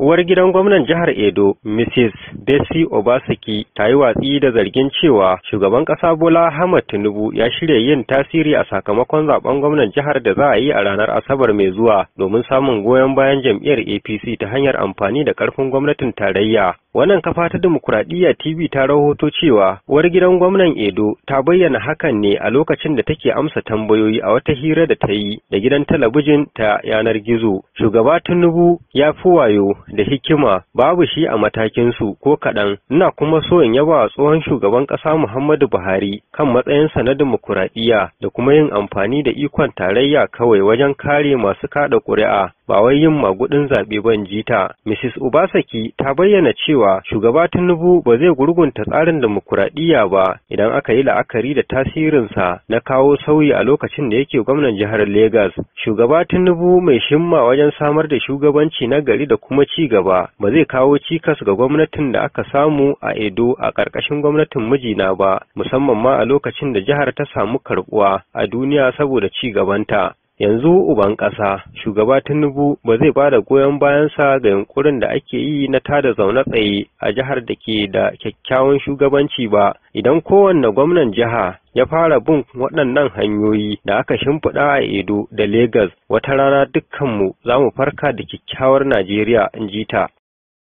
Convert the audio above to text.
Uwar gidan gwamnan jihar Edo, Mrs. Desi Obasaki, ta yi watsi da zargin cewa shugaban ƙasa Bola Ahmed Tinubu ya shirya yin tasiri a sakamakon zaben gwamnan jihar da za a yi a ranar Asabar mai zuwa domin samun goyon bayan jam'iyyar APC ta hanyar amfani da ƙarfin gwamnatin tarayya. Wannan kafa ta Dimokuraɗiyya TV ta rahoto cewa uwar gidan gwamnan Edo ta bayyana hakan ne a lokacin da take amsa tambayoyi a wata hira da ta yi da gidan talabijin ta yanar gizo. Shugaba Tinubu ya fi wayo da hikima babu shi a matakinsu ko kaɗan. Ina kuma so in yaba wa tsohon shugaban ƙasa Muhammadu Buhari kan matsayinsa na dimokuraɗiyya da kuma yin amfani da ikon tarayya kawai wajen kare masu kaɗa ƙuri'a ba wai yin maguɗin zaɓe ban jita. Mrs. Obasaki ta bayyana cewa cewa shugaba Tinubu ba zai gurgunta tsarin dimokuraɗiyya ba idan aka yi la'akari da tasirinsa na kawo sauyi a lokacin da yake gwamnan jihar Legas. Shugaba Tinubu mai shimma wajen samar da shugabanci na gari da kuma ci gaba ba zai kawo cikas ga gwamnatin da aka samu a Edo a ƙarƙashin gwamnatin mijina ba musamman ma a lokacin da jihar ta samu karɓuwa a duniya saboda ci gabanta. yanzu uban ƙasa shugaba tinubu ba zai ba da goyon bayansa ga yunkurin da ake yi na tada zaune tsaye a jihar da ke da kyakkyawan shugabanci ba idan kowanne gwamnan jiha ya fara bin waɗannan hanyoyi da aka shimfiɗa a edo da Legas, wata rana dukkanmu za mu farka da kyakkyawar najeriya in ji ta